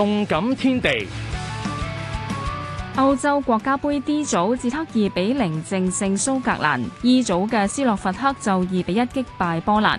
動感天地，歐洲國家杯 D 組捷克二比零淨勝蘇格蘭，E 組嘅斯洛伐克就二比一擊敗波蘭。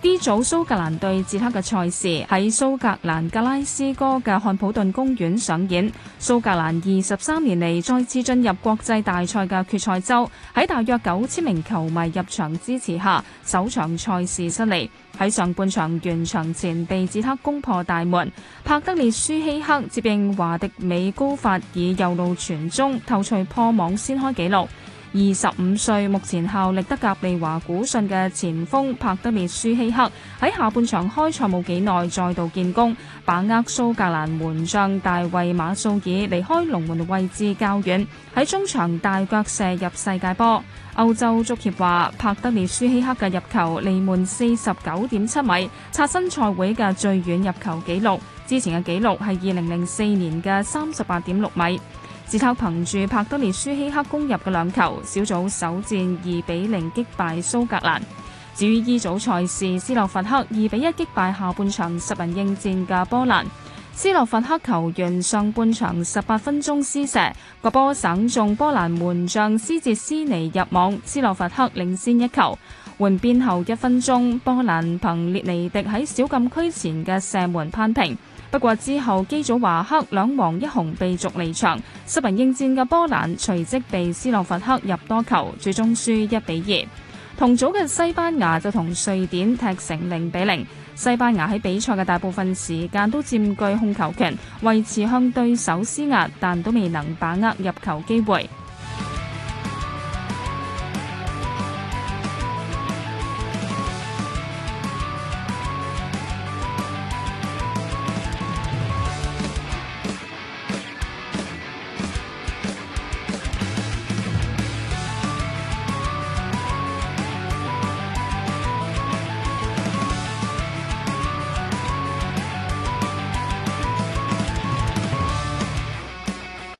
D 組蘇格蘭對捷克嘅賽事喺蘇格蘭格拉斯哥嘅漢普頓公園上演，蘇格蘭二十三年嚟再次進入國際大賽嘅決賽周，喺大約九千名球迷入場支持下，首場賽事失利，喺上半場完場前被捷克攻破大門，帕德列舒希克接應華迪美高法以右路傳中，頭槌破網先開紀錄。25歲目前效力德甲利華古遜嘅前鋒帕德列舒希克，喺下半場開賽冇幾耐再度建功，把握蘇格蘭門將大衛馬素爾離開龍門嘅位置較遠，喺中場大腳射入世界波。歐洲足協話，帕德列舒希克嘅入球離門49.7米，刷新賽會嘅最遠入球紀錄，之前嘅紀錄係2004年嘅38.6米。捷克憑住柏德列舒希克攻入嘅兩球，小組首戰二比零擊敗蘇格蘭。至於 E 組賽事，斯洛伐克二比一擊敗下半場十人應戰嘅波蘭。斯洛伐克球員上半場十八分鐘施射，個波省中波蘭門將斯捷斯尼入網，斯洛伐克領先一球。換邊後一分鐘，波蘭憑列尼迪喺小禁區前嘅射門攀平。不過之後，基祖華克兩黃一紅被逐離場。十人應戰嘅波蘭隨即被斯洛伐克入多球，最終輸一比二。同組嘅西班牙就同瑞典踢成零比零。西班牙喺比賽嘅大部分時間都佔據控球權，維持向對手施壓，但都未能把握入球機會。